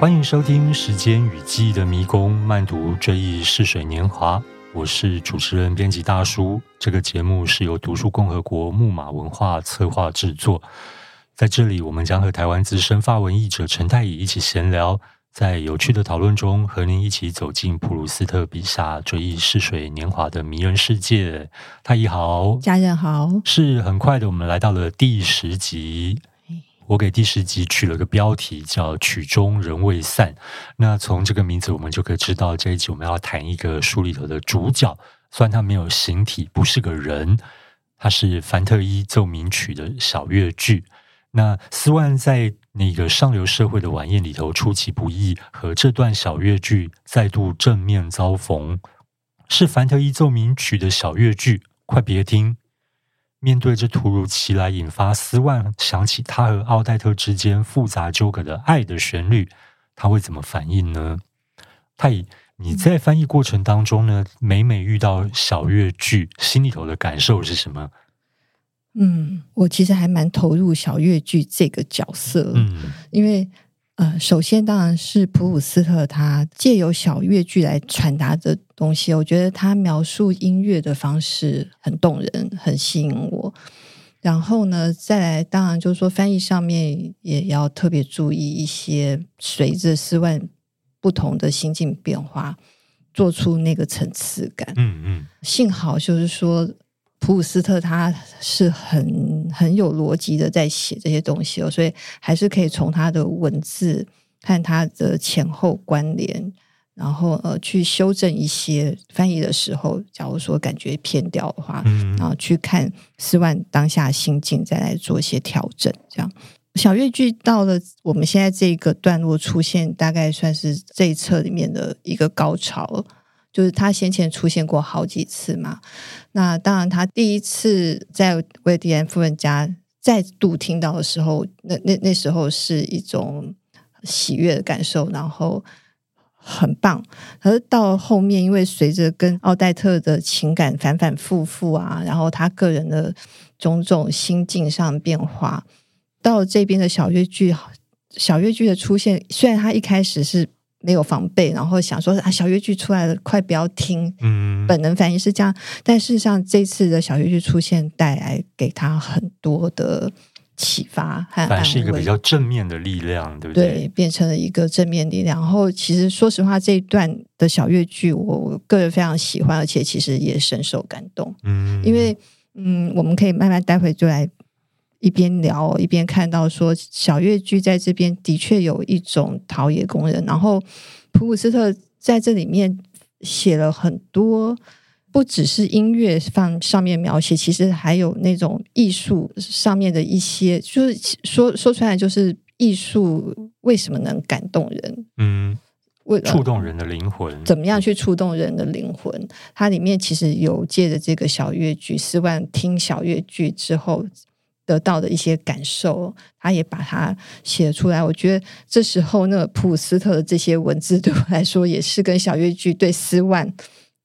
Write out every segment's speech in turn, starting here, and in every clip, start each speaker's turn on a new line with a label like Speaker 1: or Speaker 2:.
Speaker 1: 歡迎收聽《時間與記憶的迷宮》，慢讀追憶似水年華。我是主持人、編輯大叔。這個節目是由讀書共和國、木馬文化策劃制作。在這裡，我們將和台灣資深法文譯者陳太乙一起閒聊，在有趣的討論中，和您一起走進普魯斯特筆下追憶似水年華的迷人世界。太乙好，家人好，是很快的，我們來到了第十集。我給第十集取了個標題，叫《曲終人未散》。那從這個名字，我們就可以知道這一集我們要談一個書裡頭的主角。雖然他沒有形體，不是個人，他是凡特伊奏鳴曲的小樂句。那斯萬在那個上流社會的晚宴裡頭出其不意，和這段小樂句再度正面遭逢，是凡特伊奏鳴曲的小樂句。快別聽！面對這突如其來，引發斯萬想起他和奧黛特之間複雜糾葛的愛的旋律，他會怎麼反應呢？太乙，你在翻譯過程當中呢，每每遇到小樂句，心裡頭的感受是什麼？嗯，
Speaker 2: 我其實還蠻投入小樂句這個角色，嗯，因為。呃，首先當然是普魯斯特他借由小樂句來傳達的東西，我覺得他描述音樂的方式很動人，很吸引我。然後呢，再來當然就是說翻譯上面也要特別注意一些隨着斯萬不同的心境變化，做出那個層次感。嗯嗯，幸好就是說。普魯斯特他是很很有邏輯的在寫這些東西哦，所以還是可以從他的文字和他的前後關聯，然後呃去修正一些翻譯的時候，假如說感覺偏掉的話嗯嗯，然後去看斯萬當下心境，再來做一些調整。這樣小樂句到了我們現在這個段落出現，大概算是這一冊裡面的一個高潮。就是他先前出現過好幾次嘛，那當然他第一次在威迪安夫人家再度聽到的時候，那那那時候是一種喜悅的感受，然後很棒。而到後面，因為隨着跟奧黛特的情感反反复覆啊，然後他個人的種種心境上變化，到這邊的小樂句小樂句的出現，雖然他一開始是。沒有防備，然後想說啊，小樂句出來了，快不要聽。嗯，本能反應是這樣，但事實上這次的小樂句出現，帶來給他很多的啟發和安慰，是一個比較
Speaker 1: 正面的力量，對不對？對，
Speaker 2: 變成了一個正面力量。然後其實說實話，這一段的小樂句，我個人非常喜歡，而且其實也深受感動。嗯，因為嗯，我們可以慢慢待會就來。一邊聊一邊看到說，小樂句在這邊的確有一種陶冶工人。然後，普魯斯特在這裡面寫了很多，不只是音樂上上面描寫，其實還有那種藝術上面的一些，就是說說出來就是藝術為什麼能感動人？嗯，為觸動人的靈魂、呃，怎麼樣去觸動人的靈魂？嗯、它裡面其實有借着這個小樂句，斯萬聽小樂句之後。得到的一些感受，他也把它寫出來。我覺得這時候，那普魯斯特的這些文字對我來說，也是跟小樂句對斯萬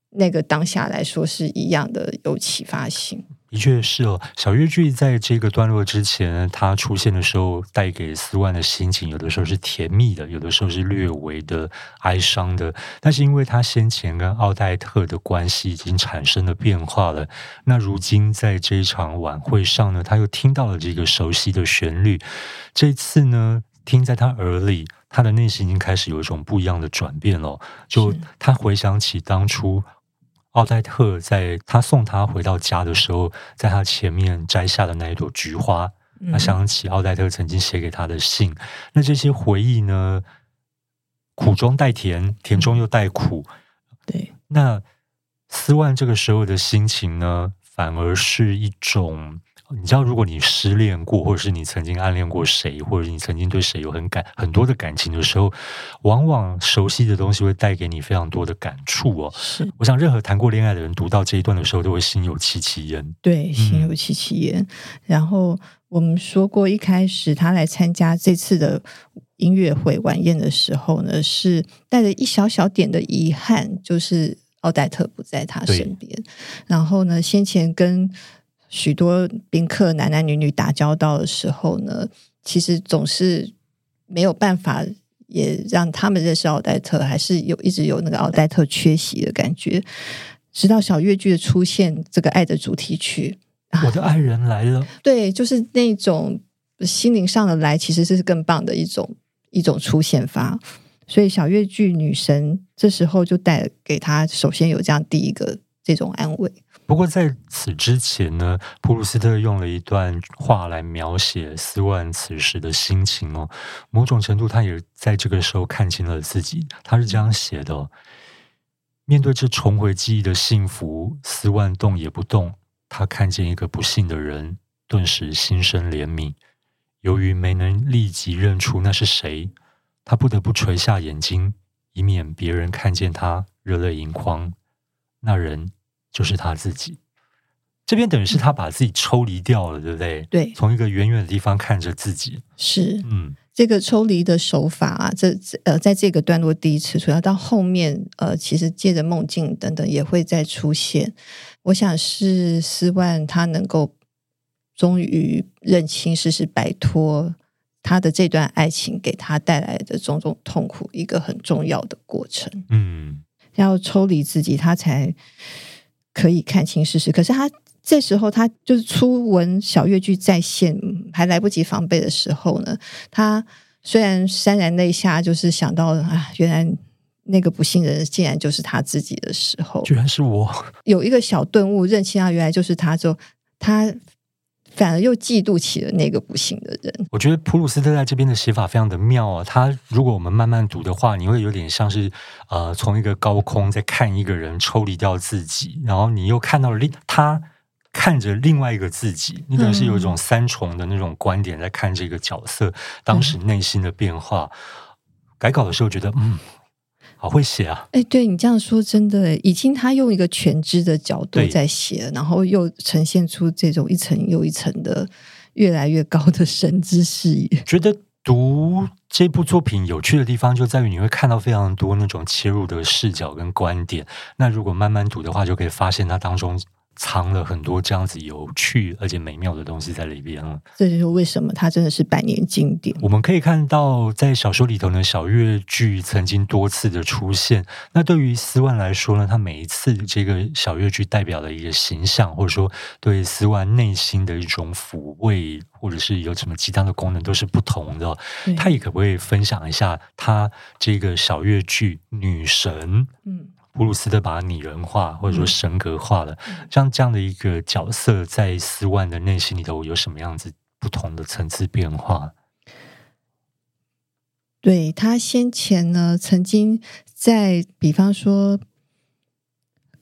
Speaker 2: 那個當下來說是一樣的有啟發性。
Speaker 1: 的確是哦，小樂句在這個段落之前，他出現的時候帶給斯萬的心情，有的時候是甜蜜的，有的時候是略微的哀傷的。但是因為他先前跟奧黛特的關係已經產生了變化了，那如今在這一場晚會上呢，他又聽到了這個熟悉的旋律，這次呢，聽在他耳裡，他的內心已經開始有一種不一樣的轉變了。就他回想起當初。奧黛特在他送他回到家的時候，在他前面摘下的那一朵菊花，他、啊、想起奧黛特曾經寫給他的信。那這些回憶呢，苦中帶甜，甜中又帶苦。對，那斯萬這個時候的心情呢，反而是一種。你知道，如果你失戀過，或者是你曾經暗戀過誰，或者是你曾經對誰有很感很多的感情的時候，往往熟悉的東西會帶給你非常多的感觸哦。是，我想任何談過戀愛的人讀到這一段的時候，都會心有戚戚焉。
Speaker 2: 對，心有戚戚焉。然後我們說過，一開始他來參加這次的音樂會晚宴的時候呢，是帶着一小小點的遺憾，就是奧黛特不在他身邊。然後呢，先前跟。許多賓客男男女女打交道的時候呢，其實總是沒有辦法也讓他們認識奧黛特，還是有一直有那個奧黛特缺席的感覺。直到小樂句的出現，這個愛的主題曲、
Speaker 1: 啊，我的愛人來了，
Speaker 2: 對，就是那種心靈上的來，其實這是更棒的一種一種出現法。所以小樂句女神這時候就帶給她，首先有這樣第一個這種安慰。不過在
Speaker 1: 此之前呢，普魯斯特用了一段話來描寫斯萬此時的心情哦。某種程度，他也在這個時候看清了自己。他是這樣寫的哦：面對這重回記憶的幸福，斯萬動也不動。他看見一個不幸的人，頓時心生憐憫。由於沒能立即認出那是誰，他不得不垂下眼睛，以免別人看見他熱淚盈眶。那人。就是他自己，這邊等於是他把自己抽離掉了，嗯，對不對？對，從一個遠遠的地方看着自己，是，
Speaker 2: 嗯，這個抽離的手法，啊，這呃，在這個段落第一次出來，到後面呃，其實借着夢境等等也會再出現。我想是斯萬他能夠終於認清事實，擺脫他的這段愛情給他帶來的種種痛苦，一個很重要的過程。嗯，要抽離自己，他才。可以看清事實，可是他這時候他就是初聞小樂句再現，還來不及防備的時候呢，他雖然潸然淚下，就是想到啊，原來那個不幸人竟然就是他自己的時候，居然是我。有一個小頓悟，認清他原來就是他就，就他。反而又嫉妒起了那個不幸的人。
Speaker 1: 我覺得普魯斯特在這邊的寫法非常的妙啊，他如果我們慢慢讀的話，你會有點像是呃，從一個高空在看一個人，抽離掉自己，然後你又看到了另他看着另外一個自己，你可能是有一種三重的那種觀點、嗯、在看這個角色當時內心的變化。嗯、改稿的時候覺得嗯。好會寫啊！哎、
Speaker 2: 欸，對你這樣說，真的，已經他用一個全知的角度在寫了，然後又呈現出這種一層又一層的越來越高的神之視野。覺得
Speaker 1: 讀這部作品有趣的地方，就在於你會看到非常多那種切入的視角跟觀點。那如果慢慢讀的話，就可以發現它當中。藏了很多這樣子有趣而且美妙的東西在裡邊了，
Speaker 2: 這就是為什麼它真的是百年經典。
Speaker 1: 我們可以看到，在小說裡頭呢，小樂句曾經多次的出現。嗯、那對於斯萬來說呢，他每一次這個小樂句代表的一個形象，或者說對斯萬內心的一種撫慰，或者是有什麼其他的功能，都是不同的。他、嗯、也可不可以分享一下他這個小樂句女神？嗯普魯斯特把它擬人化，或者說神格化了、嗯。像這樣的一個角色，在斯萬的內心裡頭，有什麼樣子不同的層次變化？
Speaker 2: 對，他先前呢，曾經在比方說，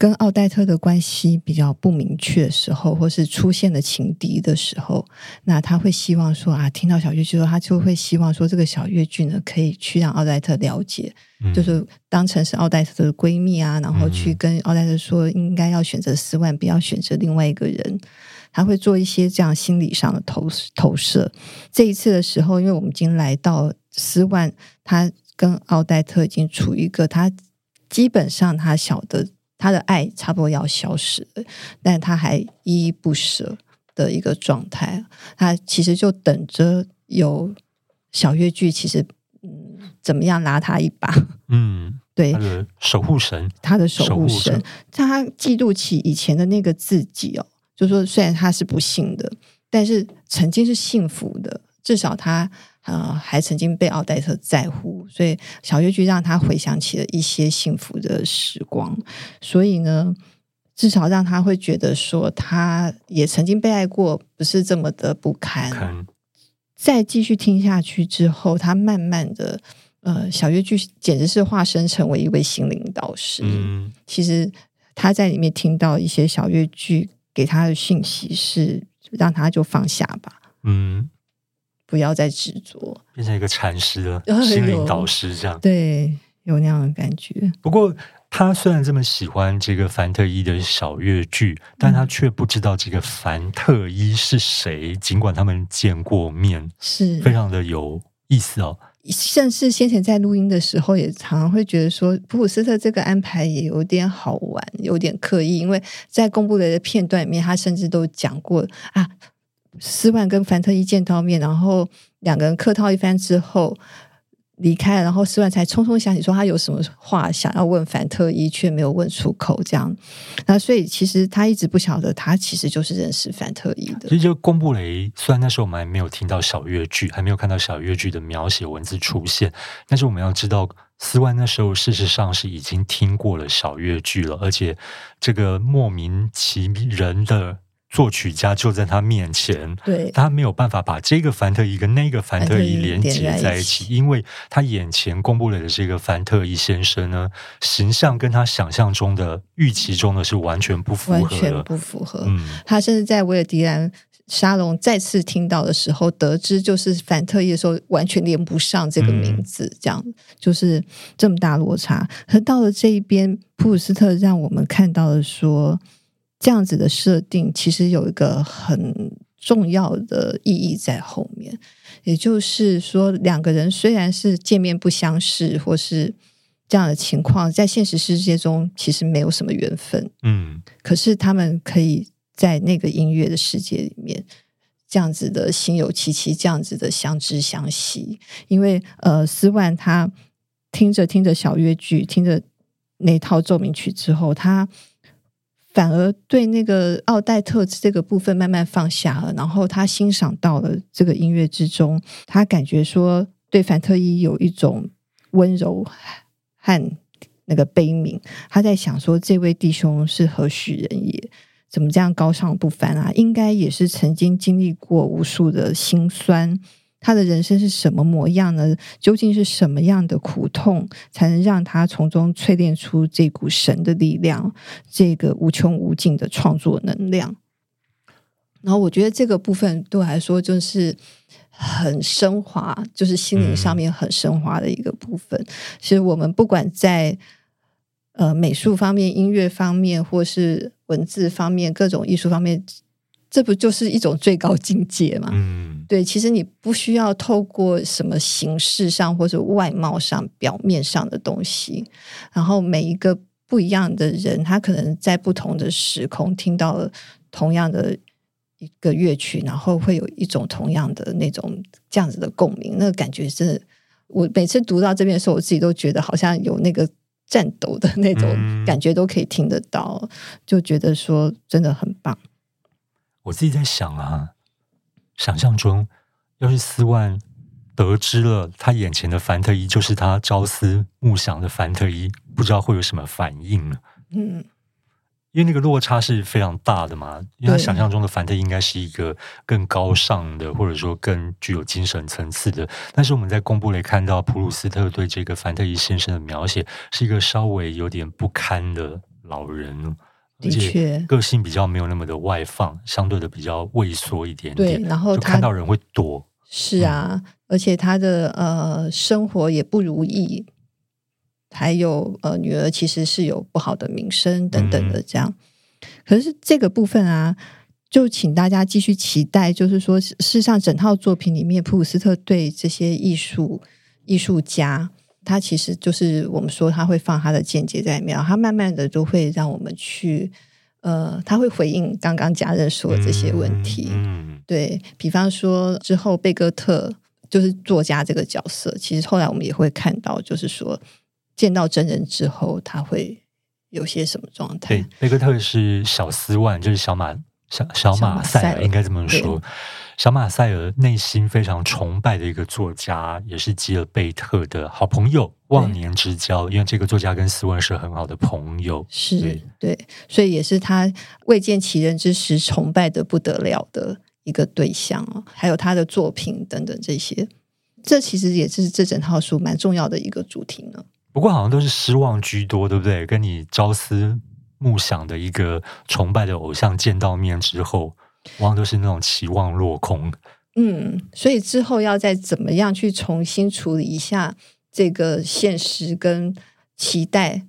Speaker 2: 跟奧黛特的關係比較不明確的時候，或是出現了情敵的時候，那他會希望說啊，聽到小樂句之後，他就會希望說，這個小樂句呢，可以去讓奧黛特了解、嗯，就是當成是奧黛特的閨蜜啊，然後去跟奧黛特說，應該要選擇斯萬，不要選擇另外一個人。他會做一些這樣心理上的投投射。這一次的時候，因為我們已經來到斯萬，他跟奧黛特已經處於一個他基本上他曉得。他的愛差不多要消失了，但他還依依不捨的一個狀態。他其實就等着有小樂句，其實、嗯、怎麼樣拉他一把？嗯，對，
Speaker 1: 守護神，他的守護神，
Speaker 2: 守護神他嫉妒起以前的那個自己哦。就說雖然他是不幸的，但是曾經是幸福的，至少他。呃，還曾經被奧黛特在乎，所以小樂句讓他回想起了一些幸福的時光。所以呢，至少讓他會覺得說，他也曾經被愛過，不是這麼的不堪。Okay. 再繼續聽下去之後，他慢慢的，呃，小樂句簡直是化身成為一位心靈導師。嗯、mm.，其實他在裡面聽到一些小樂句給他的訊息是，讓他就放下吧。嗯、mm.。不要再執着，
Speaker 1: 變成一個禪師了，心靈導師這樣。呵呵對，
Speaker 2: 有那樣的感覺。
Speaker 1: 不過他雖然這麼喜歡這個凡特伊的小樂句，嗯，但他卻不知道這個凡特伊是誰。儘管他們見過面，是非常的有意思哦。
Speaker 2: 甚至先前在錄音的時候，也常常會覺得說，普魯斯特這個安排也有點好玩，有點刻意。因為在公布的片段裡面，他甚至都講過啊。斯萬跟凡特伊見到面，然後兩個人客套一番之後離開了，然後斯萬才匆匆想起說他有什麼話想要問凡特伊，卻沒有問出口。這樣，那所以其實他一直不曉得，他其實就是認識凡特伊的。
Speaker 1: 所以，就貢布雷，雖然那時候我們還沒有聽到小樂句，還沒有看到小樂句的描寫文字出現，但是我們要知道，斯萬那時候事實上是已經聽過了小樂句了，而且這個莫名其妙的。作曲家就在他面前，對他沒有辦法把這個凡特伊跟那個凡特伊連接在一，連在一起，因為他眼前公布的這個凡特伊先生呢，形象跟他想象中的預期中的是完全
Speaker 2: 不符合的，完全不符合。嗯，他甚至在維爾迪蘭沙龍再次聽到的時候，得知就是凡特伊的時候，完全連不上這個名字，嗯，這樣就是這麼大落差。而到了這一邊，普魯斯特讓我們看到了說，這樣子的設定其實有一個很重要的意義在後面，也就是說，兩個人雖然是見面不相識或是這樣的情況，在現實世界中其實沒有什麼緣分，嗯，可是他們可以在那個音樂的世界裡面，這樣子的心有戚戚，這樣子的相知相惜，因為呃，斯萬他聽着聽着小樂句，聽着那套奏鳴曲之後，他。反而對那個奧黛特這個部分慢慢放下了，然後他欣賞到了這個音樂之中，他感覺說對凡特伊有一種溫柔和那個悲憫，他在想說這位弟兄是何許人也，怎麼這樣高尚不凡啊？應該也是曾經經歷過無數的辛酸。他的人生是什麼模樣呢？究竟是什麼樣的苦痛，才能讓他從中淬煉出這股神的力量，這個無窮無盡的創作能量？然後，我覺得這個部分對我來說，就是很升華，就是心靈上面很升華的一個部分。嗯。其實，我們不管在呃美術方面、音樂方面，或是文字方面，各種藝術方面。這不就是一種最高境界嗎？嗯，對，其實你不需要透過什麼形式上或者外貌上、表面上的東西，然後每一個不一樣的人，他可能在不同的時空聽到了同樣的一個樂曲，然後會有一種同樣的那種這樣子的共鳴。那個感覺真的，我每次讀到這邊的時候，我自己都覺得好像有那個顫抖的那種感覺都可以聽得到，嗯、就覺得說真的很棒。
Speaker 1: 我自己在想啊，想象中要是斯萬得知了他眼前的凡特伊，就是他朝思暮想的凡特伊，不知道會有什麼反應呢？
Speaker 2: 嗯，
Speaker 1: 因為那個落差是非常大的嘛。因為他想象中的凡特伊應該是一個更高尚的，或者說更具有精神層次的。但是我們在公布雷看到普魯斯特對這個凡特伊先生的描寫，是一個稍微有點不堪的老人。的確，個性比較沒有那麼的外放，相對的比較畏縮一點點。對，然後他，看到人會躲。
Speaker 2: 是啊，嗯、而且他的呃生活也不如意，還有呃女兒其實是有不好的名聲等等的這樣，嗯。可是這個部分啊，就請大家繼續期待，就是說，事實上整套作品裡面，普魯斯特對這些藝術藝術家。他其實就是我們說，他會放他的見解在裡面，他慢慢的就會讓我們去，呃，他會回應剛剛家人說的這些問題，嗯嗯，對，比方說之後貝戈特就是作家這個角色，其實後來我們也會看到，就是說，見到真人之後他會有些什麼狀
Speaker 1: 態。貝戈特是小斯萬，就是小馬，小小馬賽，小馬賽，應該這麼說。小馬塞爾內心非常崇拜的一個作家，也是吉爾貝特的好朋友、忘年之交。因為這個作家跟斯萬是很好的朋友，
Speaker 2: 是，對，所以也是他未見其人之時崇拜的不得了的一個對象。還有他的作品等等這些，這其實也是這整套書蠻重要的一個主題呢。
Speaker 1: 不過好像都是失望居多，對不對？跟你朝思暮想的一個崇拜的偶像見到面之後。往往都是那種期望落空。
Speaker 2: 嗯，所以之後要再怎麼樣去重新處理一下這個現實跟期待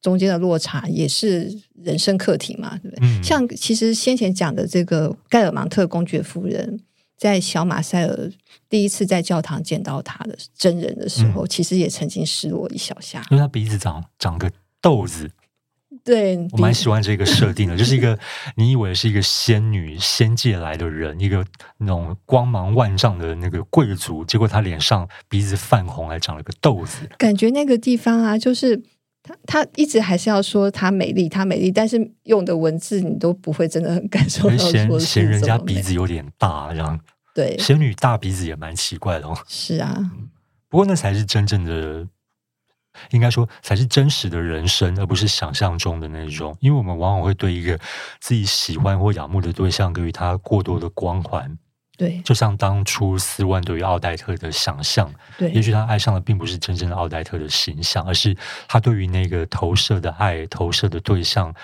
Speaker 2: 中間的落差，也是人生課題嘛，對不對？嗯、像其實先前講的這個蓋爾芒特公爵夫人，在小馬塞爾第一次在教堂見到他的真人的時候，嗯、其實也曾經失落一小下，因
Speaker 1: 為他鼻子長長個痘子。
Speaker 2: 對，我蠻喜
Speaker 1: 歡這個設定的， 就是一個你以為是一個仙女仙界來的人，一個那種光芒萬丈的那個貴族，結果她臉上鼻子泛紅，還長了個痘子。
Speaker 2: 感覺那個地方啊，就是她她一直還是要說她美麗，她美麗，但是用的文字你都不會真的很感受到 嫌。嫌嫌人家鼻子
Speaker 1: 有點大，啊，這樣。對，仙女大鼻子也蠻奇怪的哦。是啊，不過那才是真正的。應該說才是真實的人生，而不是想象中的那種。因為我們往往會對一個自己喜歡或仰慕的對象給予他過多的光環。對，就像當初斯萬對於奧黛特的想象對，也許他愛上的並不是真正的奧黛特的形象，而是他對於那個投射的愛、投射的對象，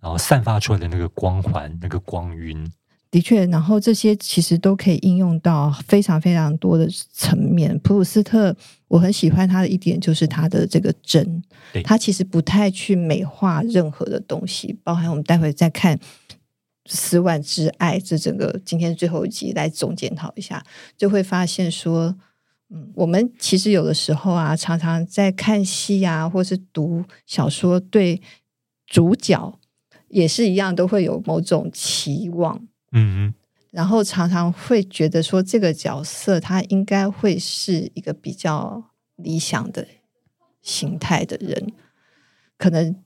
Speaker 1: 然後散發出來的那個光環、那個光暈。
Speaker 2: 的確，然後這些其實都可以應用到非常非常多的層面。普魯斯特。我很喜歡他的一點就是他的這個真，他其實不太去美化任何的東西，包含我們待會再看《斯萬之愛》這整個今天最後一集來總檢討一下，就會發現說，嗯，我們其實有的時候啊，常常在看戲啊，或是讀小說，對主角也是一樣，都會有某種期望，嗯。然後常常會覺得說，這個角色他應該會是一個比較理想的形態的人，可能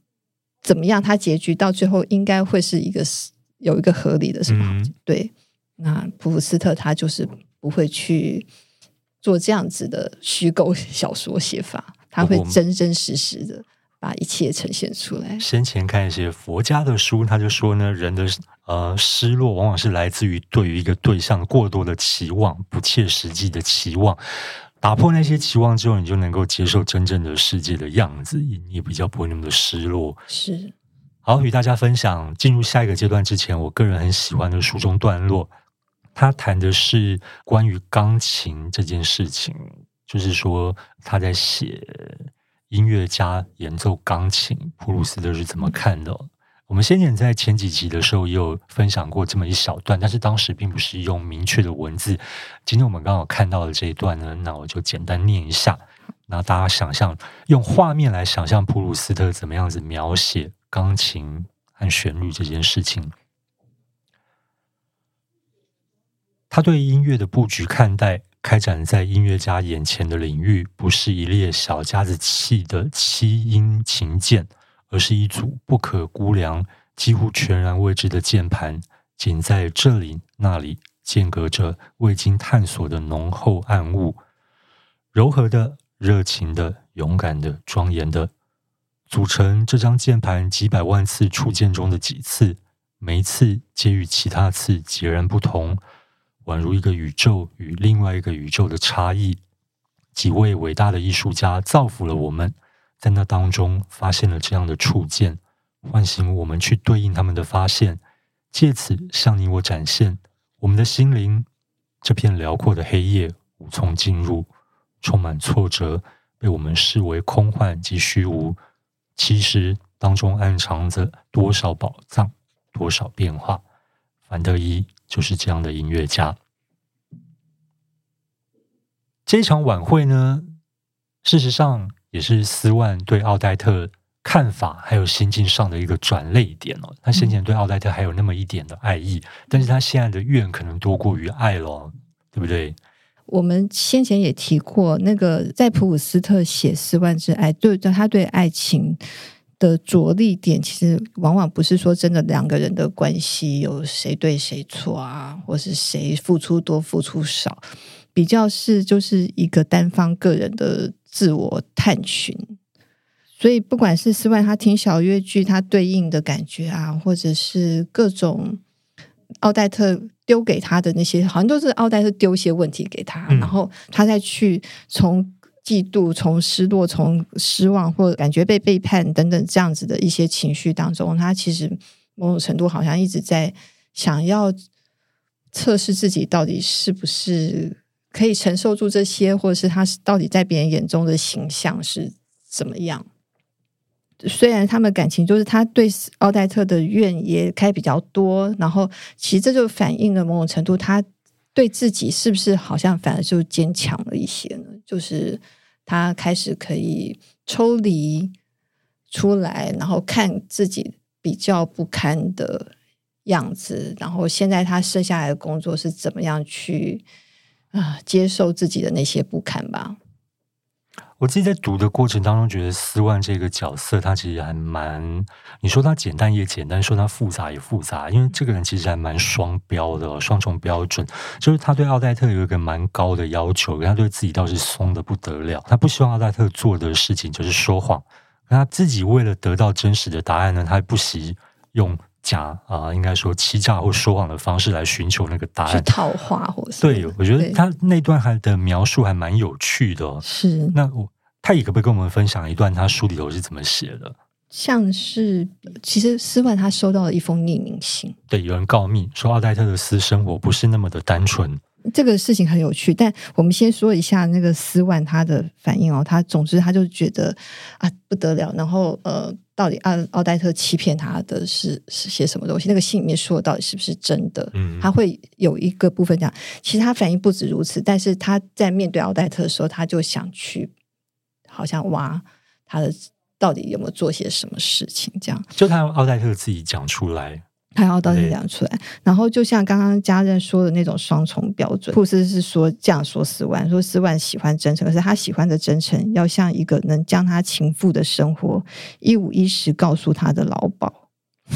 Speaker 2: 怎麼樣？他結局到最後應該會是一個是有一個合理的，什麼、嗯。對。那普魯斯特他就是不會去做這樣子的虛構小說寫法，他會真真實實的把一切呈現出來。
Speaker 1: 先前看一些佛家的書，他就說呢，人的。呃，失落往往是來自於對於一個對象過多的期望，不切實際的期望。打破那些期望之後，你就能夠接受真正的世界的樣子，也也比較不會那麼的失落。是。好，與大家分享。進入下一個階段之前，我個人很喜歡的書中段落，他談的是關於鋼琴這件事情，就是說他在寫音樂家演奏鋼琴，普魯斯特是怎麼看的。嗯我們先前在前幾集的時候也有分享過這麼一小段，但是當時並不是用明確的文字。今天我們剛好看到的這一段呢，那我就簡單念一下，然後大家想象用畫面來想象普魯斯特怎麼樣子描寫鋼琴和旋律這件事情。他對音樂的布局看待，開展在音樂家眼前的領域，不是一列小家子氣的七音琴鍵。而是一組不可估量、幾乎全然未知的鍵盤，僅在這裡、那裡間隔着未經探索的濃厚暗霧，柔和的、熱情的、勇敢的、莊嚴的，組成這張鍵盤幾百萬次觸鍵中的幾次，每一次皆與其他次截然不同，宛如一個宇宙與另外一個宇宙的差異。幾位偉大的藝術家造福了我們。在那當中發現了這樣的觸見，喚醒我們去對應他們的發現，借此向你我展現我們的心靈。這片遼闊的黑夜無從進入，充滿挫折，被我們視為空幻及虛無。其實當中暗藏着多少寶藏，多少變化。凡特伊就是這樣的音樂家。這一場晚會呢，事實上。也是斯萬對奧黛特看法還有心境上的一個轉捩點哦。他先前對奧黛特還有那麼一點的愛意，嗯、但是他現在的怨可能多過於愛了，對不對？
Speaker 2: 我們先前也提過，那個在普魯斯特寫《斯萬之愛》，對對，他對愛情的着力點，其實往往不是說真的兩個人的關係有誰對誰錯啊，或是誰付出多付出少，比較是就是一個單方個人的。自我探尋，所以不管是斯萬他聽小樂句，他對應的感覺啊，或者是各種奧黛特丟給他的那些，好像都是奧黛特丟一些問題給他，嗯，然後他再去從嫉妒、從失落、從失望或感覺被背叛等等這樣子的一些情緒當中，他其實某種程度好像一直在想要測試自己到底是不是。可以承受住這些，或者是他到底在別人眼中的形象是怎麼樣？雖然他們感情就是，他對奧黛特的怨也開比較多，然後其實這就反映了某種程度，他對自己是不是好像反而就堅強了一些呢？就是他開始可以抽離出來，然後看自己比較不堪的樣子，然後現在他剩下來的工作是怎麼樣去？啊，接受自己的那些不堪吧。
Speaker 1: 我自己在讀的過程當中，覺得斯萬這個角色，他其實還蠻……你說他簡單也簡單，說他複雜也複雜，因為這個人其實還蠻雙標的、雙重標準，就是他對奧黛特有一個蠻高的要求，他對自己倒是鬆得不得了。他不希望奧黛特做的事情就是說謊，他自己為了得到真實的答案呢，他不惜用。假啊、呃，應該說欺詐或說謊的方式來尋求那個答案，是
Speaker 2: 套話或是對。我
Speaker 1: 覺得他那段他的描述還蠻有趣的。是，那他也可不可以跟我們分享一段他書裡頭是怎麼寫的？
Speaker 2: 像是其實斯萬他收到了一封匿名信，
Speaker 1: 對，有人告密說奧黛特的私生活不是那麼的單純。嗯
Speaker 2: 這個事情很有趣，但我們先說一下那個斯萬他的反應哦。他總之他就覺得啊，不得了，然後呃，到底奧、啊、奧黛特欺騙他的是是些什麼東西？那個信裡面說的到底是不是真的？他會有一個部分講，其實他反應不止如此，但是他在面對奧黛特的時候，他就想去好像挖他的到底有沒有做些什麼事情，這樣就
Speaker 1: 他要奧黛特自己講出來。
Speaker 2: 他要到時兩出來，然後就像剛剛家人說的那種雙重標準，布斯是說這樣說斯萬，說斯萬喜歡真誠，可是他喜歡的真誠要像一個能將他情婦的生活一五一十告訴他的老鴇，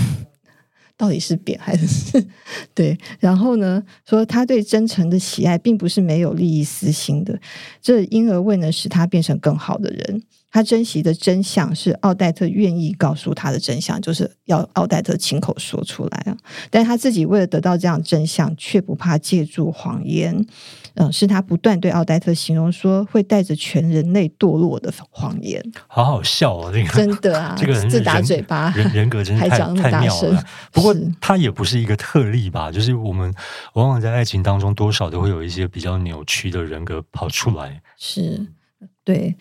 Speaker 2: 到底是貶還是 對？然後呢，說他對真誠的喜愛並不是沒有利益私心的，這因而未能使他變成更好的人。他珍惜的真相是奧黛特願意告訴他的真相，就是要奧黛特親口說出來啊！但他自己為了得到這樣真相，卻不怕借助謊言。嗯、呃，是他不斷對奧黛特形容說會帶着全人類墮落的謊言。好
Speaker 1: 好笑啊、哦！這個真的啊，這個人自打嘴巴，人、人格真是太、太妙了。不過他也不是一個特例吧？是，就是我們往往在愛情當中，多少都會有一些比較扭曲的人格跑出來。
Speaker 2: 是對。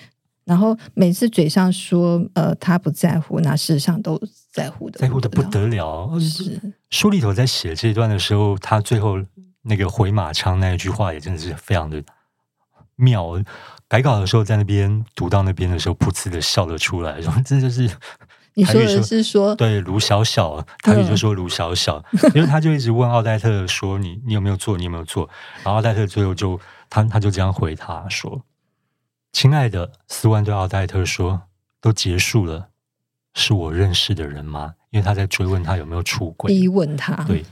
Speaker 2: 然後每次嘴上說呃，他不在乎，那事實上都在乎的，在乎的不
Speaker 1: 得了。是書裡頭在寫這一段的時候，他最後那個回馬槍那一句話也真的是非常的妙。改稿的時候在那邊讀到那邊的時候，噗呲的笑了出來，然後 這就是你說的
Speaker 2: 是說，台語說，嗯、對，
Speaker 1: 盧小小，台語就說盧小小， 因為他就一直問奧黛特說，你你有沒有做，你有沒有做，然後奧黛特最後就他他就這樣回他說。親愛的斯萬對奧黛特說：“都結束了，是我認識的人嗎？”因為他在追問他有沒有出軌，逼問他。對，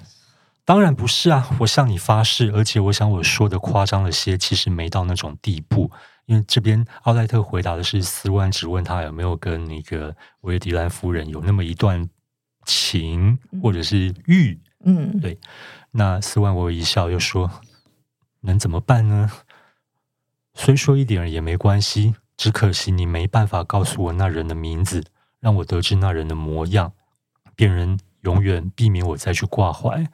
Speaker 1: 當然不是啊！我向你發誓，而且我想我說的誇張了些，其實沒到那種地步。因為這邊奧黛特回答的是斯萬，只問他有沒有跟那個維迪蘭夫人有那麼一段情或者是欲。嗯，對。那斯萬微微一笑，又說：“能怎麼辦呢？”雖說一點也沒關係，只可惜你沒辦法告訴我那人的名字，讓我得知那人的模樣，便能永遠避免我再去掛懷。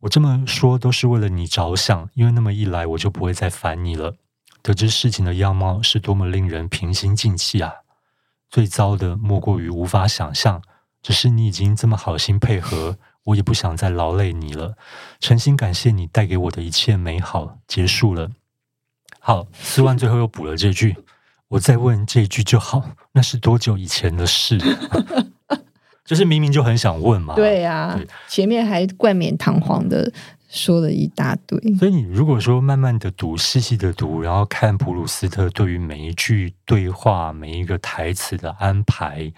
Speaker 1: 我這麼說都是為了你着想，因為那麼一來我就不會再煩你了。得知事情的樣貌是多麼令人平心靜氣啊！最糟的莫過於無法想象。只是你已經這麼好心配合，我也不想再勞累你了。誠心感謝你帶給我的一切美好。結束了。好，斯萬最後又補了這句，我再問這一句就好。那是多久以前的事？ 就是明明就很想問嘛。
Speaker 2: 對呀、啊，前面還冠冕堂皇的說了一大堆。所以你如果說慢
Speaker 1: 慢的讀，細細的讀，然後看普魯斯特對於每一句對話、每一個台詞的安排。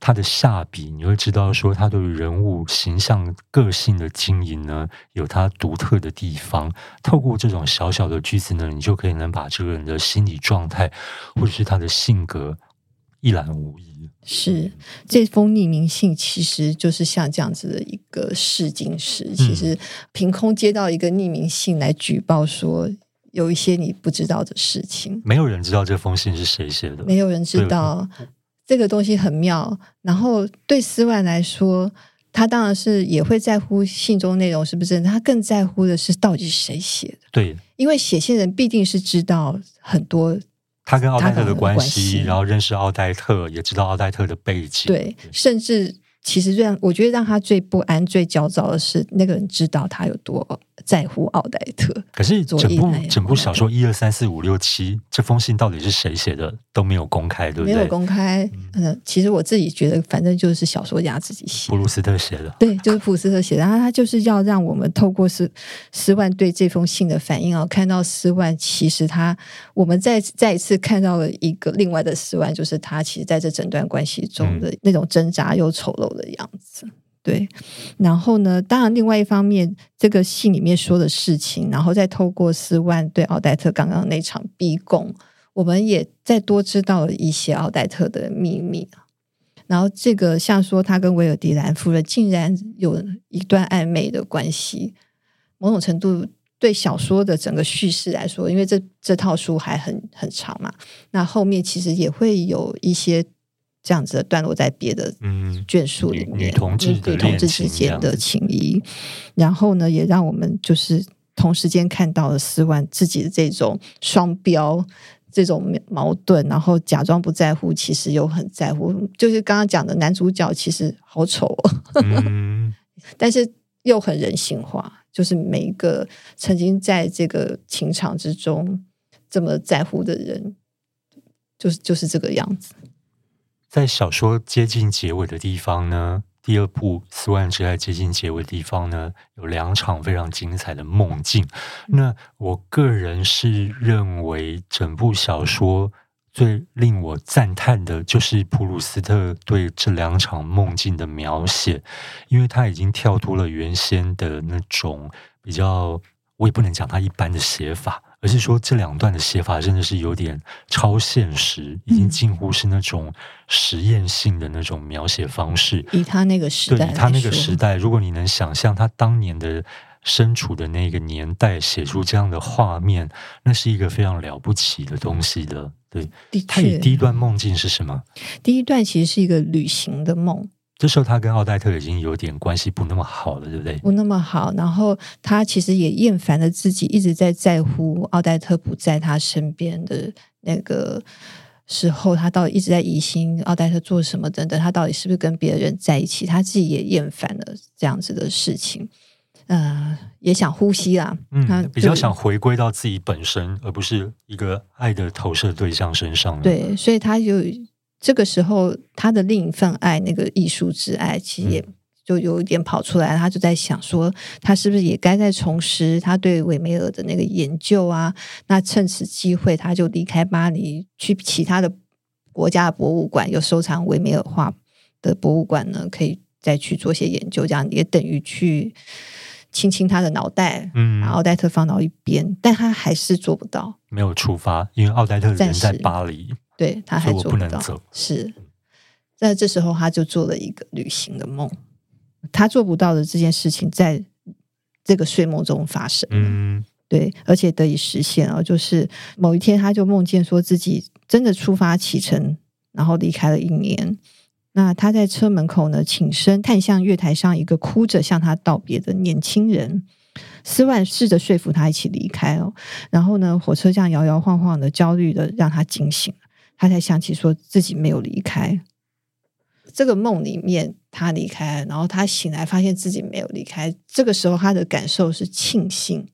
Speaker 1: 他的下筆，你會知道說，他對於人物形象個性的經營呢，有他獨特的地方。透過這種小小的句子呢，你就可以能把這個人的心理狀態或者是他的性格一覽無遺。
Speaker 2: 是這封匿名信，其實就是像這樣子的一個試金石。其實憑空接到一個匿名信來舉報，說有一些你不知道的事情，
Speaker 1: 嗯、沒有人知道這封信是誰寫的，沒有人知道對
Speaker 2: 對。嗯這個東西很妙，然後對斯萬來說，他當然是也會在乎信中內容是不是真，他更在乎的是到底誰寫的。對，因為寫信人必定是知道很多他跟，
Speaker 1: 他跟奧黛特的關係，然後認識奧黛特，也知道奧黛特的背景。對，
Speaker 2: 嗯、甚至其實讓我覺得讓他最不安、最焦躁的是，那個人知道他有多惡在乎奧黛特，可
Speaker 1: 是整部整部小說一二三四五六七，這封信到底是誰寫的都沒有公開，對不對？沒有
Speaker 2: 公開。嗯，其實我自己覺得，反正就是小說家自己
Speaker 1: 寫，普魯斯特寫的。
Speaker 2: 對，就是普魯斯特寫的。 然後他就是要讓我們透過斯斯萬對這封信的反應啊，看到斯萬其實他，我們再再一次看到了一個另外的斯萬，就是他其實在這整段關係中的那種掙扎又醜陋的樣子。嗯對，然後呢？當然，另外一方面，這個信裡面說的事情，然後再透過斯萬對奧黛特剛剛那場逼供，我們也再多知道了一些奧黛特的秘密。然後，這個像說他跟維爾迪蘭夫人竟然有一段曖昧的關係，某種程度對小說的整個敘事來說，因為這這套書還很很長嘛，那後面其實也會有一些。這樣子的段落在別的卷數裡面，就、嗯、女，女同志之間的情誼。然後呢，也讓我們就是同時間看到了斯萬自己的這種雙標、這種矛盾，然後假裝不在乎，其實又很在乎。就是剛剛講的男主角，其實好醜、哦，嗯、 但是又很人性化。就是每一個曾經在這個情場之中這麼在乎的人，就是就是這個樣子。
Speaker 1: 在小說接近結尾的地方呢，第二部《斯萬之愛》接近結尾的地方呢，有兩場非常精彩的夢境。那我個人是認為，整部小說最令我讚嘆的，就是普魯斯特對這兩場夢境的描寫，因為他已經跳脫了原先的那種比較，我也不能講他一般的寫法。而是說這兩段的寫法真的是有點超現實，已經近乎是那種實驗性的那種描寫方式。嗯，以
Speaker 2: 他那個時代對，以他那個時代，
Speaker 1: 如果你能想象他當年的身處的那個年代，寫出這樣的畫面，嗯，那是一個非常了不起的東西的。對，的他的第一段夢境是什麼？
Speaker 2: 第一段其實是一個旅行的夢。
Speaker 1: 這時候，他跟奧黛特已經有點關係不那麼好了，對不對？
Speaker 2: 不那麼好。然後他其實也厭煩了自己一直在在乎奧黛特不在他身邊的那個時候，他到底一直在疑心奧黛特做什麼，等等。他到底是不是跟別人在一起？他自己也厭煩了這樣子的事情，呃，也想呼吸啦。嗯，他就是、比較想
Speaker 1: 回歸到自己本身，而不是一個愛的投射對象身上。對，
Speaker 2: 所以他就。這個時候，他的另一份愛，那個藝術之愛，其實也就有一點跑出來。嗯、他就在想說，他是不是也該再重拾他對維梅爾的那個研究啊？那趁此機會，他就離開巴黎，去其他的國家的博物館，有收藏維梅爾畫的博物館呢，可以再去做些研究。這樣也等於去清清他的腦袋。嗯，把奧黛特放到一邊，但他還是做不到。
Speaker 1: 沒有出發，因為奧黛特人在巴黎。嗯
Speaker 2: 對，他還做不到，是，在這時候，他就做了一個旅行的夢。他做不到的這件事情，在這個睡夢中發生，嗯，對，而且得以實現。哦，就是某一天，他就夢見說自己真的出發啟程，然後離開了一年。那他在車門口呢，起身看向月台上一個哭着向他道別的年輕人，斯萬試着說服他一起離開哦，然後呢，火車這樣搖搖晃晃的，焦慮的讓他驚醒他才想起說自己沒有離開，這個夢裡面，他離開，然後他醒來，發現自己沒有離開。這個時候，他的感受是慶幸，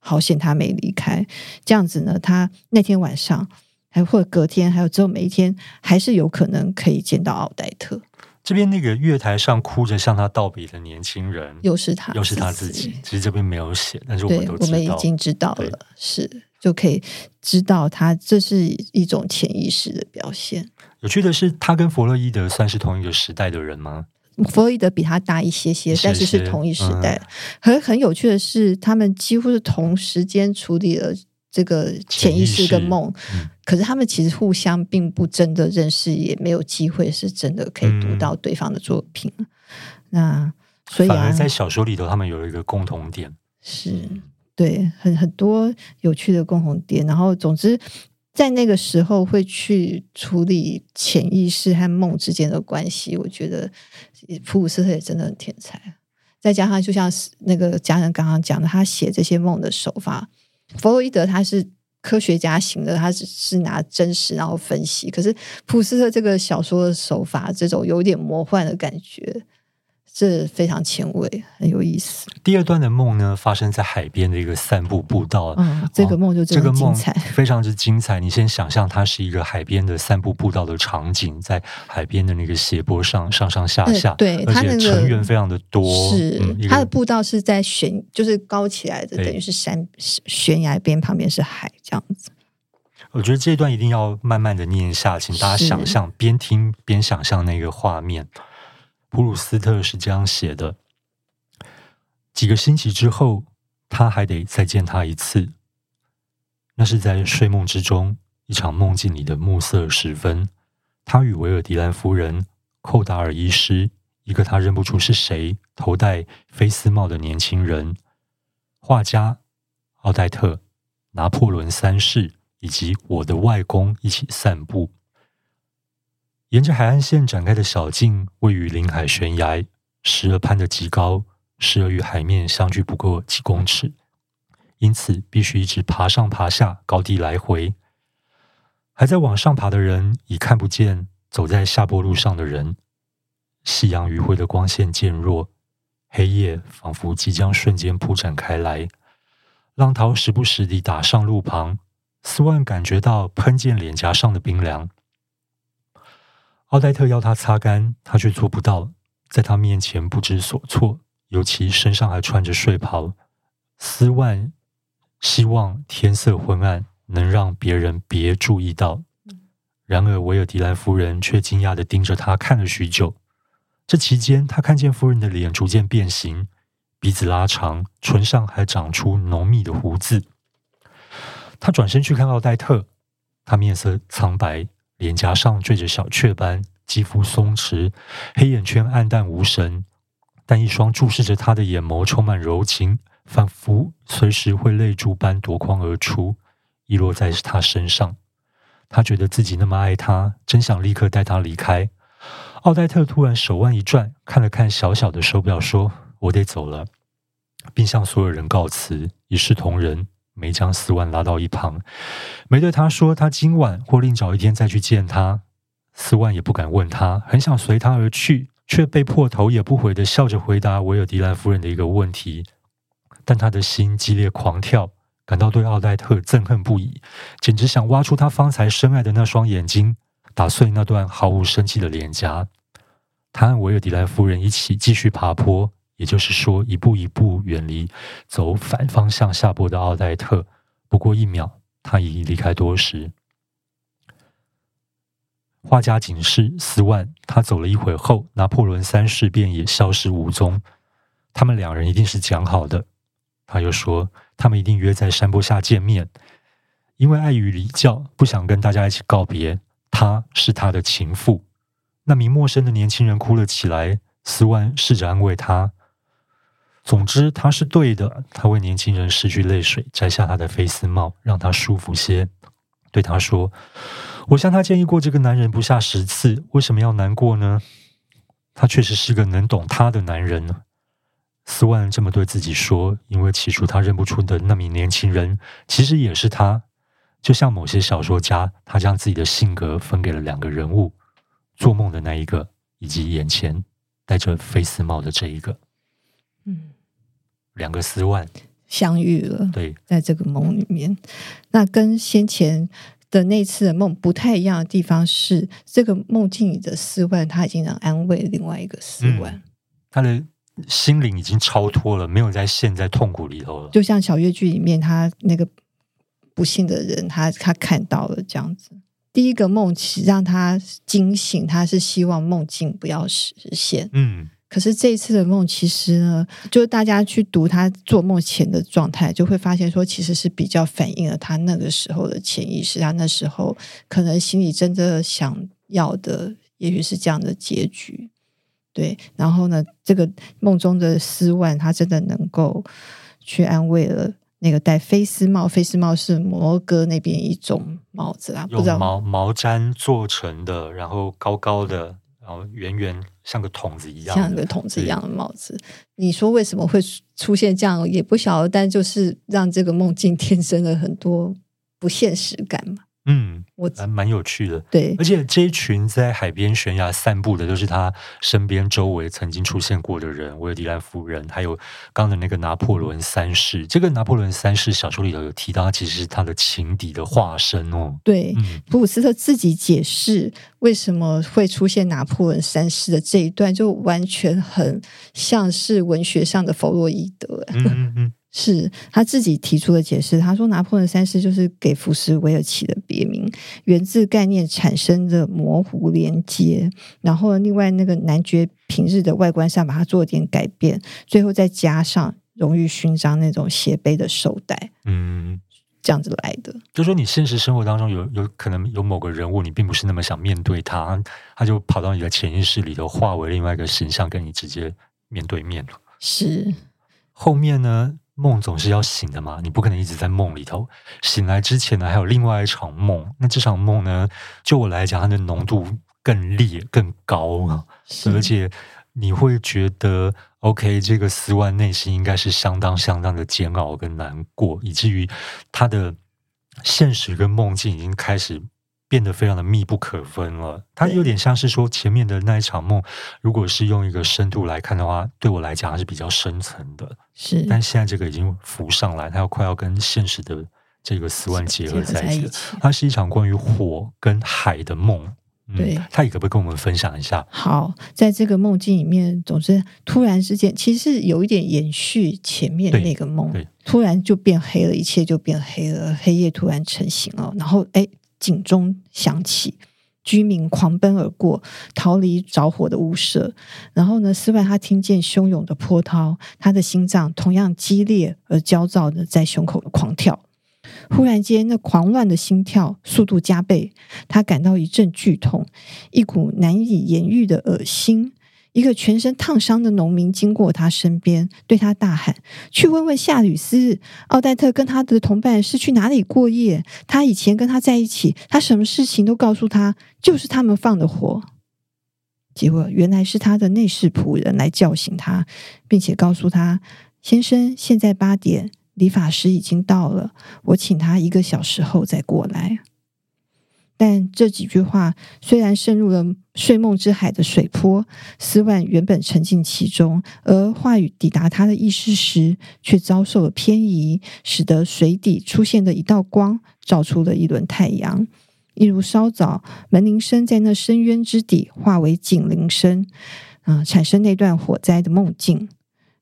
Speaker 2: 好險他沒離開。這樣子呢，他那天晚上，還或隔天，還有之後每一天，還是有可能可以見到奧黛特。
Speaker 1: 這邊那個月台上哭着向他道別的年輕人，又是他，又是他自己。其實這邊沒有寫，但是我們都知道，我們已經知
Speaker 2: 道了，是。就可以知道，他這是一種潛意識的表現。
Speaker 1: 有趣的是，他跟弗洛伊德算是同一個時代的人嗎？
Speaker 2: 弗洛伊德比他大一些些，是是，但是是同一時代。很、嗯、很有趣的是，他們幾乎是同時間處理了這個潛意識跟夢。可是他們其實互相並不真的認識、嗯，也沒有機會是真的可以讀到對方的作品。嗯、那所以、啊、反而在
Speaker 1: 小說裡頭，他們有一個共同點，
Speaker 2: 是。對，很很多有趣的共同點。然後，總之，在那個時候會去處理潛意識和夢之間的關係。我覺得普魯斯特也真的很天才。再加上，就像那個家人剛剛講的，他寫這些夢的手法，弗洛伊德他是科學家型的，他只是拿真實然後分析。可是普魯斯特這個小說的手法，這種有點魔幻的感覺。這非常前衛，很有意思。
Speaker 1: 第二段的夢呢，發生在海邊的一個散步步道。嗯，
Speaker 2: 這個夢就的這個夢，
Speaker 1: 非常之精彩。你先想象它是一個海邊的散步步道的場景，在海邊的那個斜坡上上上下下。嗯、對，它的成員非常的多。是、嗯，它的
Speaker 2: 步道是在懸，就是高起來的，等於是山懸崖邊旁邊是海這樣子。
Speaker 1: 我覺得這一段一定要慢慢的念一下，請大家想象，邊聽邊想象那個畫面。普魯斯特是這樣寫的：幾個星期之後，他還得再見他一次。那是在睡夢之中，一場夢境裡的暮色時分，他與維爾迪蘭夫人、寇達爾醫師、一個他認不出是誰、頭戴菲斯帽的年輕人、畫家、奧黛特、拿破崙三世以及我的外公一起散步。沿着海岸線展開的小徑，位於臨海懸崖，時而攀得極高，時而與海面相距不過幾公尺，因此必須一直爬上爬下，高低來回。還在往上爬的人已看不見走在下坡路上的人。夕陽餘暉的光線漸弱，黑夜仿佛即將瞬間鋪展開來。浪濤時不時地打上路旁，斯萬感覺到噴濺臉頰上的冰涼。奧黛特要他擦乾，他卻做不到，在他面前不知所措，尤其身上還穿着睡袍。斯萬希望天色昏暗能讓別人別注意到。然而維爾迪萊夫人卻驚訝地盯着他看了許久，這期間他看見夫人的臉逐漸變形，鼻子拉長，唇上還長出濃密的鬍子。他轉身去看奧黛特，他面色蒼白。臉頰上綴着小雀斑，肌膚鬆弛，黑眼圈暗淡無神，但一雙注視着他的眼眸充滿柔情，仿佛隨時會淚珠般奪眶而出，遺落在他身上。他覺得自己那麼愛他，真想立刻帶他離開。奧黛特突然手腕一轉，看了看小小的手表，說：“我得走了。”並向所有人告辭，一視同仁。沒將斯萬拉到一旁，沒對他說他今晚或另找一天再去見他。斯萬也不敢問他，很想隨他而去，卻被迫頭也不回的笑着回答維爾迪萊夫人的一個問題。但他的心激烈狂跳，感到對奧黛特憎恨不已，簡直想挖出他方才深愛的那雙眼睛，打碎那段毫無生氣的臉頰。他和維爾迪萊夫人一起繼續爬坡。也就是說，一步一步遠離，走反方向下坡的奧黛特，不過一秒，他已離開多時。畫家警示斯萬，他走了一會後，拿破崙三世便也消失無蹤。他們兩人一定是講好的。他又說，他們一定約在山坡下見面。因為礙於禮教，不想跟大家一起告別。他是他的情婦。那名陌生的年輕人哭了起來，斯萬試着安慰他。總之，他是對的。他為年輕人拭去淚水，摘下他的菲斯帽，讓他舒服些。對他說：“我向他建議過這個男人不下十次，為什麼要難過呢？他確實是個能懂他的男人。”斯萬這麼對自己說，因為起初他認不出的那名年輕人，其實也是他。就像某些小說家，他將自己的性格分給了兩個人物：做夢的那一個，以及眼前戴着菲斯帽的這一個。嗯，兩個斯萬
Speaker 2: 相遇了，對，在這個夢裡面，那跟先前的那次的夢不太一樣的地方是，這個夢境裡的斯萬他已經能安慰另外一個斯
Speaker 1: 萬，他、嗯、的心靈已經超脫了，沒有再陷在痛苦裡頭了。就
Speaker 2: 像小樂句裡面，他那個不幸的人，他他看到了這樣子，第一個夢其實讓他驚醒，他是希望夢境不要實現，嗯。可是這一次的夢，其實呢，就是大家去讀他做夢前的狀態，就會發現說，其實是比較反映了他那個時候的潛意識，他那時候可能心裡真的想要的，也許是這樣的結局。對，然後呢，這個夢中的斯萬，他真的能夠去安慰了那個戴菲斯帽，菲斯帽是摩哥那邊一種帽子啊，用毛
Speaker 1: 毛氈做成的，然後高高的，然後圓圓。像個筒子一樣，像個筒子一樣的
Speaker 2: 帽子。你說為什麼會出現這樣？也不曉得，但就是讓這個夢境天生了很多不現實感嘛。嗯，我還
Speaker 1: 蠻有趣的。對，而且這一群在海邊懸崖散步的，都是他身邊周圍曾經出現過的人，維爾迪蘭夫人，還有剛的那個拿破崙三世。這個拿破崙三世小說裡頭有提到，其實是他的情敵的化身哦。
Speaker 2: 對，普、嗯、魯斯特自己解釋為什麼會出現拿破崙三世的這一段，就完全很像是文學上的弗洛伊德。 嗯嗯嗯。是他自己提出了解釋。他說：“拿破崙三世就是給福斯維爾起的別名，源自概念產生的模糊連接。然後，另外那個男爵平日的外觀上，把它做點改變，最後再加上榮譽勳章那種斜背的綬帶，嗯，這樣子來的。
Speaker 1: 就說、是、你現實生活當中有有可能有某個人物，你並不是那麼想面對他，他，他就跑到你的潛意識裡頭，化為另外一個形象，跟你直接面對面了。是後面呢？”夢總是要醒的嘛，你不可能一直在夢裡頭。醒來之前呢，還有另外一場夢。那這場夢呢，就我來講，它的濃度更烈、更高，而且你會覺得，OK，這個斯萬內心應該是相當、相當的煎熬跟難過，以至於他的現實跟夢境已經開始，變得非常的密不可分了，它有點像是說，前面的那一場夢，如果是用一個深度來看的話，對我來講還是比較深層的。是，但現在這個已經浮上來，它要快要跟現實的這個斯萬結，結合在一起。它是一場關於火跟海的夢。嗯嗯，
Speaker 2: 對，
Speaker 1: 他也可不可以跟我們分享一下？
Speaker 2: 好，在這個夢境裡面，總之突然之間，其實有一點延續前面那個夢，突然就變黑了，一切就變黑了，黑夜突然成型了，然後哎。欸警鐘響起，居民狂奔而過，逃離着火的屋舍。然後呢，斯萬他聽見洶湧的波濤，他的心臟同樣激烈而焦躁地在胸口狂跳。忽然間，那狂亂的心跳速度加倍，他感到一陣劇痛，一股難以言喻的惡心。一個全身燙傷的農民經過他身邊，對他大喊：“去問問夏呂斯、奧黛特跟他的同伴是去哪裡過夜？他以前跟他在一起，他什麼事情都告訴他，就是他們放的火。”結果原來是他的內侍僕人來叫醒他，並且告訴他：“先生，現在八點，理髮師已經到了，我請他一個小時後再過來。”但這幾句話雖然滲入了睡夢之海的水波，斯萬原本沉浸其中，而話語抵達他的意識時，卻遭受了偏移，使得水底出現的一道光，照出了一輪太陽，一如稍早門鈴聲在那深淵之底化為警鈴聲，啊、呃，產生那段火災的夢境。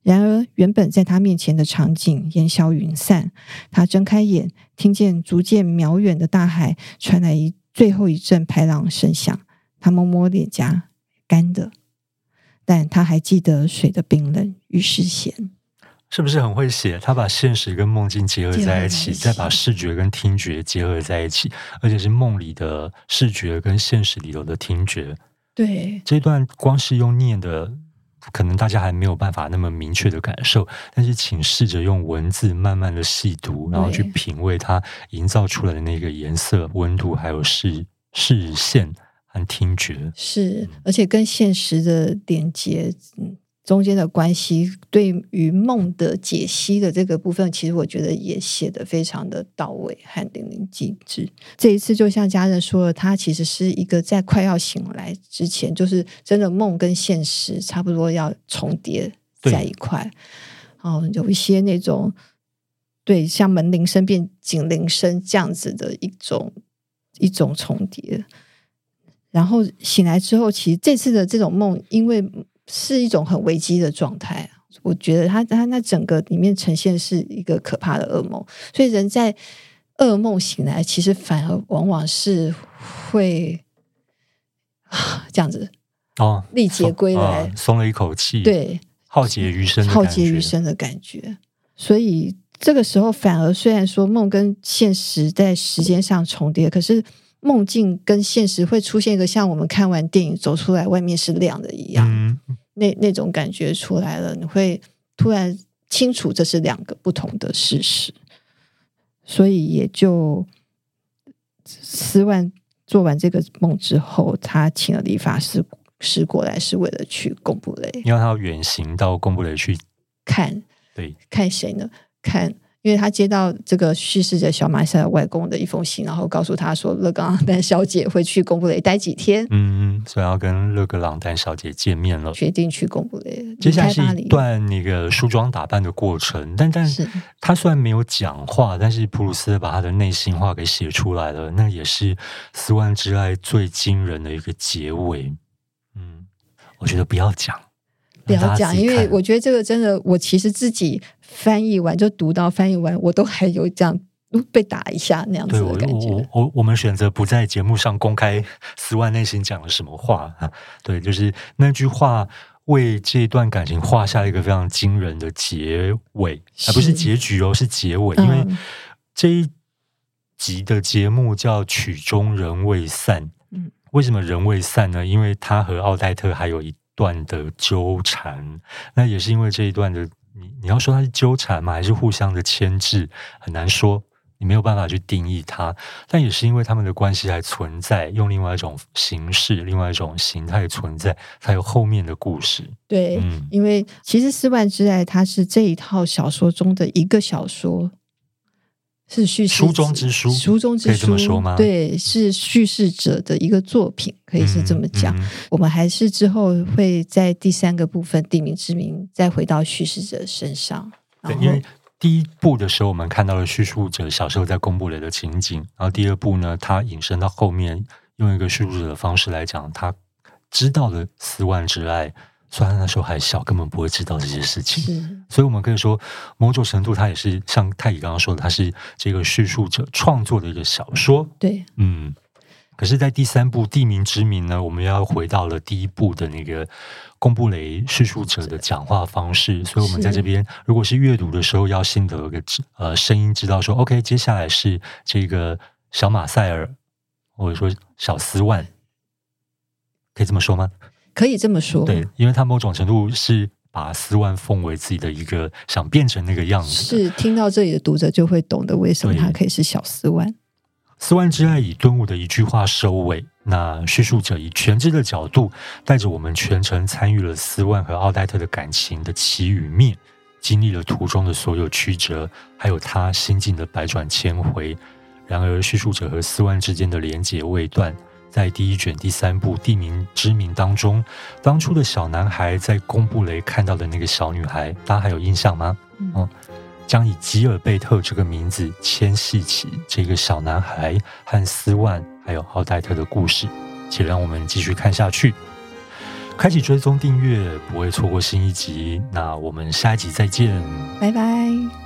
Speaker 2: 然而，原本在他面前的場景煙消雲散。他睜開眼，聽見逐漸渺遠的大海傳來一最後一陣拍浪聲響，他摸摸臉頰，乾的，但他還記得水的冰冷，於是鹹，
Speaker 1: 是不是很會寫？他把現實跟夢境結合在一，結在一起，再把視覺跟聽覺結合在一起，而且是夢裡的視覺跟現實裡頭的聽覺。
Speaker 2: 對，
Speaker 1: 這段光是用念的。可能大家還沒有辦法那麼明確的感受，但是請試着用文字慢慢的細讀，然後去品味它營造出來的那個顏色、溫度，還有視視線和聽覺。
Speaker 2: 是、嗯，而且跟現實的連接。中間的關係對於夢的解析的這個部分，其實我覺得也寫得非常的到位和淋漓盡致。這一次就像家人說了，他其實是一個在快要醒來之前，就是真的夢跟現實差不多要重疊在一塊，然後、哦、有一些那種對像門鈴聲變警鈴聲這樣子的一種一種重疊。然後醒來之後，其實這次的這種夢，因為。是一種很危機的狀態，我覺得他他那整個裡面呈現是一個可怕的噩夢，所以人在噩夢醒來，其實反而往往是會這樣子哦，歷劫歸來、
Speaker 1: 哦，鬆了一口氣，對，浩劫餘生，浩劫餘
Speaker 2: 生的感覺。所以這個時候反而雖然說夢跟現實在時間上重疊，可是夢境跟現實會出現一個像我們看完電影走出來，外面是亮的一樣。嗯那那種感覺出來了，你會突然清楚這是兩個不同的事實，所以也就斯萬做完這個夢之後，他請了理髮師師過來，是為了去貢布雷，
Speaker 1: 因為他要遠行到貢布雷去
Speaker 2: 看，對，看誰呢？看。因為他接到這個敘事者小馬賽外公的一封信，然後告訴他說，勒格朗丹小姐會去貢布雷待幾天。嗯
Speaker 1: 嗯，所以要跟勒格朗丹小姐見面了，決
Speaker 2: 定去貢布雷，接下來是一
Speaker 1: 段那個梳妝打扮的過程。但但是他雖然沒有講話，但是普魯斯把他的內心話給寫出來了，那也是《斯萬之愛》最驚人的一個結尾。嗯，我覺得不要講，
Speaker 2: 不要講，因為我覺得這個真的，我其實自己。翻譯完就讀到翻譯完，我都還有這樣被打一下那樣子的感覺。我
Speaker 1: 我我，我們選擇不在節目上公開斯萬內心講了什麼話。啊、對，就是那句話為這一段感情畫下一個非常驚人的結尾，而、啊、不是結局哦，是結尾。因為這一集的節目叫《曲終人未散》。嗯，為什麼人未散呢？因為他和奧黛特還有一段的糾纏。那也是因為這一段的。你你要說它是糾纏嗎？還是互相的牽制？很難說，你沒有辦法去定義它。但也是因為他們的關係還存在，用另外一種形式、另外一種形態存在，才有後面的故事。
Speaker 2: 對，嗯、因為其實《斯萬之愛》它是這一套小說中的一個小說。是敘事書中之書，書中之書可以這麼說嗎？對，是敘事者的一個作品，可以是這麼講。嗯嗯、我們還是之後會在第三個部分、嗯、地名之名再回到敘事者身上。因為第一
Speaker 1: 部的時候我們看到了敘述者小時候在貢布雷的情景，然後第二部呢，他引申到後面用一個敘述者的方式來講，他知道的斯萬之愛。雖然那時候還小，根本不會知道這些事情， 所以，我們可以說，某種程度，他也是像太乙剛剛說的，他是這個敘述者創作的一個小說。對，嗯。可是，在第三部《地名之名》呢，我們要回到了第一部的那個貢布雷敘述，述，述者的講話方式， 所以，我們在這邊，如果是閱讀的時候，要先得一個呃聲音，知道說，OK，接下來是這個小馬塞爾，或者說小斯萬，可以這麼說嗎？
Speaker 2: 可以這麼說，對，
Speaker 1: 因為他某種程度是把斯萬奉為自己的一個想變成那個樣子。是
Speaker 2: 聽到這裡的讀者就會懂得為什麼他可以是小斯萬。
Speaker 1: 斯萬之愛以頓悟的一句話收尾，那敘述者以全知的角度帶着我們全程參與了斯萬和奧黛特的感情的起與滅，經歷了途中的所有曲折，還有他心境的百轉千回。然而敘述者和斯萬之間的連結未斷。在第一卷第三部《地名之名》當中，當初的小男孩在公布雷看到的那個小女孩，大家還有印象嗎？嗯，將以吉爾貝特這個名字牽繫起這個小男孩和斯萬還有奧黛特的故事。且讓我們繼續看下去，開啟追蹤訂閱，不會錯過新一集。那我們下一集再見，
Speaker 2: 拜拜。